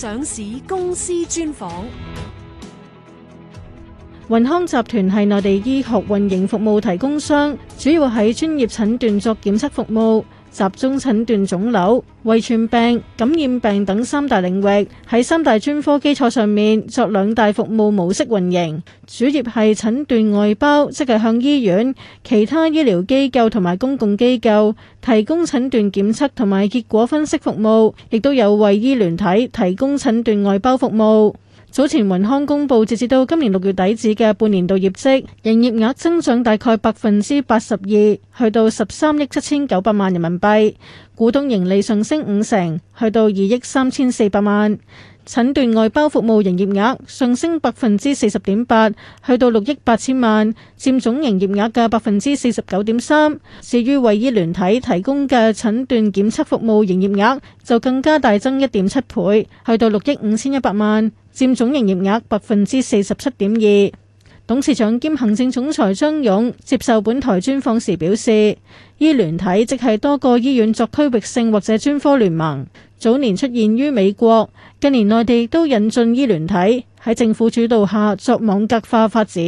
上市公司專訪，雲康集團係內地醫學運營服務提供商，主要喺專業診斷作檢測服務。集中診斷腫瘤、遺傳病、感染病等三大領域，喺三大專科基礎上面作兩大服務模式運營。主業係診斷外包，即係向醫院、其他醫療機構同埋公共機構提供診斷檢測同埋結果分析服務，亦都有為醫聯體提供診斷外包服務。早前，雲康公布截至到今年六月底止嘅半年度業績，營業額增長大概百分之八十二，去到十三億七千九百萬人民幣，股東盈利上升五成，去到二億三千四百萬。診斷外包服務營業額上升百分之四十點八，去到六億八千萬，佔總營業額嘅百分之四十九點三。至於為醫聯體提供嘅診斷檢測服務營業額就更加大增一點七倍，去到六億五千一百萬，佔總營業額百分之四十七點二。董事長兼行政總裁張勇接受本台專訪時表示：醫聯體即係多個醫院作區域性或者專科聯盟，早年出現於美國，近年內地都引進醫聯體，喺政府主導下作網格化發展。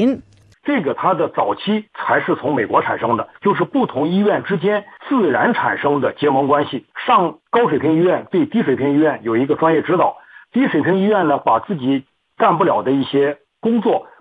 這個它的早期才是從美國產生的，就是不同醫院之間自然產生的結盟關係。上高水平醫院對低水平醫院有一個專業指導，低水平醫院呢，把自己幹不了的一些工作。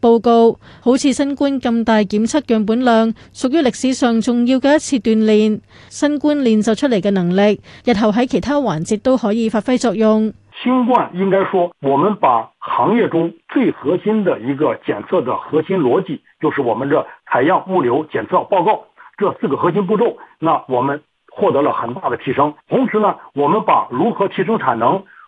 報告好似新冠咁大檢測樣本量，屬於歷史上重要嘅一次鍛煉。新冠練就出嚟嘅能力，日後喺其他環節都可以發揮作用。新冠應該說，我們把行業中最核心的一個檢測的核心邏輯，就是我們嘅採樣、物流、檢測、報告這四個核心步驟，那我們獲得了很大的提升。同時呢，我們把如何提升產能。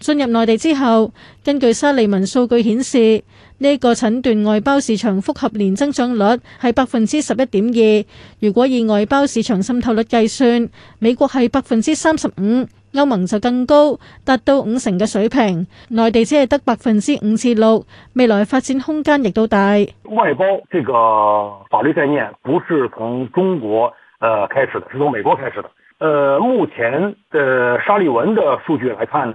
進入內地之後，根據沙利文數據顯示，呢個診斷外包市場複合年增長率係百分之十一點二。如果以外包市場滲透率計算，美國係百分之三十五，歐盟就更高，達到五成嘅水平。內地只係得百分之五至六，未來發展空間亦都大。外包這個法律概念不是從中國呃開始的，係從美國開始的。呃，目前的沙利文的數據來看。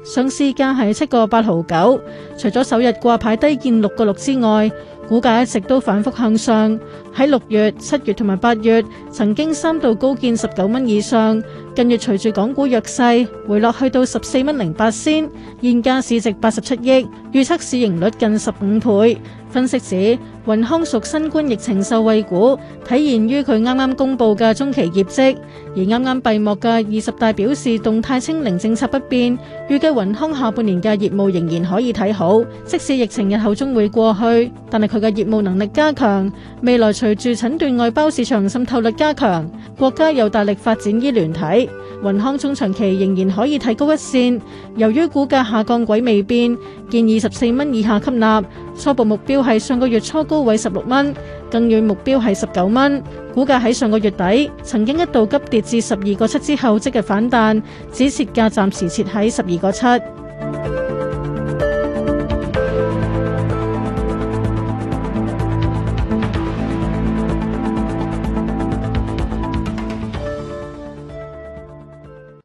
上市價係七個八毫九，除咗首日掛牌低見六個六之外，股價一直都反覆向上。喺六月、七月同埋八月，曾經三度高見十九蚊以上。近月隨住港股弱勢，回落去到十四蚊零八仙，現價市值八十七億，預測市盈率近十五倍。分析指雲康屬新冠疫情受惠股，體現於佢啱啱公布嘅中期業績，而啱啱閉幕嘅二十大表示動態清零政策不變，預計。雲康下半年嘅業務仍然可以睇好，即使疫情日後終會過去，但係佢嘅業務能力加強，未來隨住診斷外包市場滲透率加強，國家又大力發展醫聯體，雲康中長期仍然可以睇高一線。由於股價下降軌未變，建議十四蚊以下吸納。初步目標係上個月初高位十六蚊，更遠目標係十九蚊。股價喺上個月底曾經一度急跌至十二個七之後即係，即日反彈，止蝕價暫時設喺十二個七。